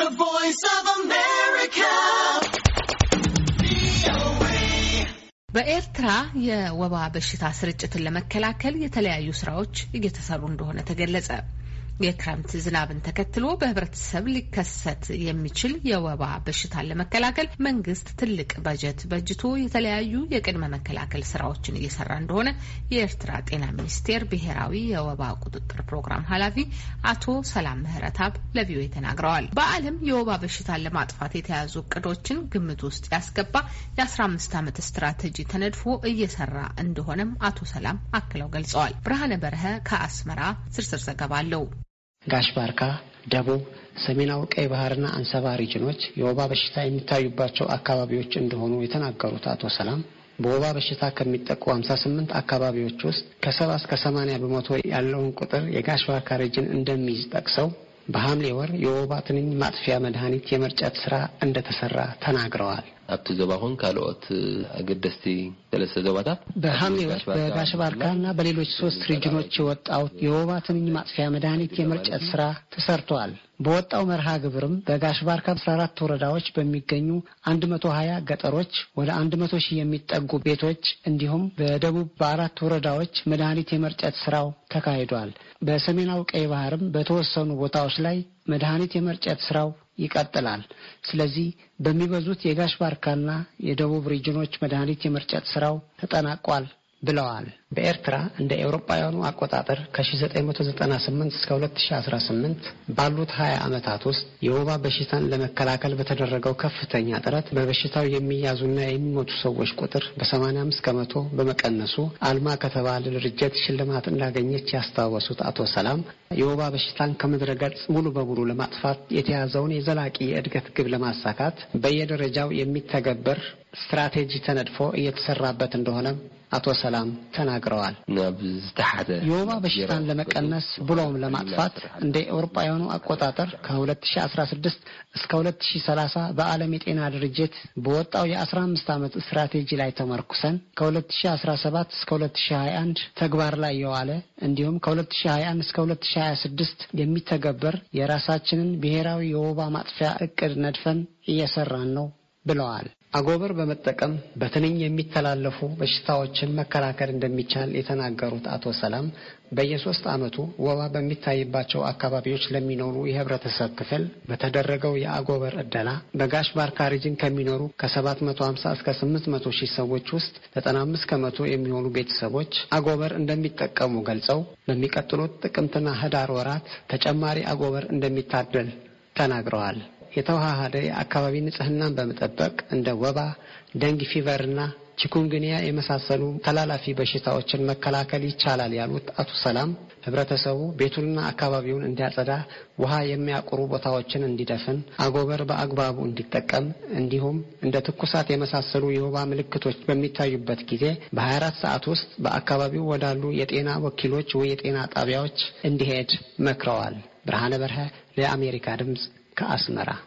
The Voice of America. በኤርትራ የወባ በሽታ ስርጭትን ለመከላከል የተለያዩ ስራዎች እየተሰሩ እንደሆነ ተገለጸ። የክረምት ዝናብን ተከትሎ በህብረተሰብ ሊከሰት የሚችል የወባ በሽታን ለመከላከል መንግስት ትልቅ በጀት በጅቶ የተለያዩ የቅድመ መከላከል ስራዎችን እየሰራ እንደሆነ የኤርትራ ጤና ሚኒስቴር ብሔራዊ የወባ ቁጥጥር ፕሮግራም ኃላፊ አቶ ሰላም ምህረታብ ለቪኦኤ ተናግረዋል። በዓለም የወባ በሽታን ለማጥፋት የተያዙ እቅዶችን ግምት ውስጥ ያስገባ የ15 ዓመት ስትራቴጂ ተነድፎ እየሰራ እንደሆነም አቶ ሰላም አክለው ገልጸዋል። ብርሃነ በረሀ ከአስመራ ዝርዝር ዘገባ አለው። ጋሽ ባርካ፣ ደቡብ፣ ሰሜናዊ ቀይ ባህርና አንሰባ ሪጅኖች የወባ በሽታ የሚታዩባቸው አካባቢዎች እንደሆኑ የተናገሩት አቶ ሰላም በወባ በሽታ ከሚጠቁ 58 አካባቢዎች ውስጥ ከሰባ እስከ 80 በመቶ ያለውን ቁጥር የጋሽ ባርካ ሪጅን እንደሚይዝ ጠቅሰው በሐምሌ ወር የወባ ትንኝ ማጥፊያ መድኃኒት የመርጨት ስራ እንደተሰራ ተናግረዋል። ኣብቲ ዞባ ኹን ካልኦት ኣገደስቲ ሰለስተ ዞባታት በሐምሌ ወት በባሽባርካና በሌሎች ሶስት ሪጅኖች የወጣው የወባ ትንኝ ማጥፊያ መድኃኒት የመርጨት ስራ ተሰርተዋል። በወጣው መርሃ ግብርም በጋሽባርካ 14 ወረዳዎች በሚገኙ 120 ገጠሮች ወደ 100 ሺህ የሚጠጉ ቤቶች እንዲሁም በደቡብ በአራት ወረዳዎች መድኃኒት የመርጨት ስራው ተካሂዷል። በሰሜናዊ ቀይ ባህርም በተወሰኑ ቦታዎች ላይ መድኃኒት የመርጨት ስራው ይቀጥላል። ስለዚህ በሚበዙት የጋሽ ባርካና የደቡብ ሪጅኖች መድኃኒት የመርጨት ስራው ተጠናቋል ብለዋል። በኤርትራ እንደ ኤውሮጳውያኑ አቆጣጠር ከ1998 እስከ 2018 ባሉት 20 ዓመታት ውስጥ የወባ በሽታን ለመከላከል በተደረገው ከፍተኛ ጥረት በበሽታው የሚያዙና የሚሞቱ ሰዎች ቁጥር በ85 ከመቶ በመቀነሱ አልማ ከተባለ ድርጅት ሽልማት እንዳገኘች ያስታወሱት አቶ ሰላም የወባ በሽታን ከምድረ ገጽ ሙሉ በሙሉ ለማጥፋት የተያዘውን የዘላቂ የእድገት ግብ ለማሳካት በየደረጃው የሚተገበር ስትራቴጂ ተነድፎ እየተሰራበት እንደሆነ አቶ ሰላም ተናግረዋል። የወባ በሽታን ለመቀነስ ብሎም ለማጥፋት እንደ ኤውሮጳውያኑ አቆጣጠር ከ2016 እስከ 2030 በዓለም የጤና ድርጅት በወጣው የ15 ዓመት ስትራቴጂ ላይ ተመርኩሰን ከ2017 እስከ 2021 ተግባር ላይ የዋለ እንዲሁም ከ2021 እስከ 2026 የሚተገበር የራሳችንን ብሔራዊ የወባ ማጥፊያ እቅድ ነድፈን እየሰራን ነው ብለዋል። አጎበር በመጠቀም በትንኝ የሚተላለፉ በሽታዎችን መከላከል እንደሚቻል የተናገሩት አቶ ሰላም በየሶስት ዓመቱ ወባ በሚታይባቸው አካባቢዎች ለሚኖሩ የህብረተሰብ ክፍል በተደረገው የአጎበር እደላ በጋሽ ባርካ ሪጅን ከሚኖሩ ከ750 እስከ 800 ሺህ ሰዎች ውስጥ 95 ከመቶ የሚሆኑ ቤተሰቦች አጎበር እንደሚጠቀሙ ገልጸው ለሚቀጥሉት ጥቅምትና ህዳር ወራት ተጨማሪ አጎበር እንደሚታደል ተናግረዋል። የተዋሃደ የአካባቢ ንጽህናን በመጠበቅ እንደ ወባ፣ ደንግ ፊቨርና ቺኩንግንያ የመሳሰሉ ተላላፊ በሽታዎችን መከላከል ይቻላል ያሉት አቶ ሰላም ህብረተሰቡ ቤቱንና አካባቢውን እንዲያጸዳ፣ ውሃ የሚያቁሩ ቦታዎችን እንዲደፍን፣ አጎበር በአግባቡ እንዲጠቀም እንዲሁም እንደ ትኩሳት የመሳሰሉ የወባ ምልክቶች በሚታዩበት ጊዜ በ24 ሰዓት ውስጥ በአካባቢው ወዳሉ የጤና ወኪሎች ወይ የጤና ጣቢያዎች እንዲሄድ መክረዋል። ብርሃነ በርሀ ለአሜሪካ ድምፅ ka asnara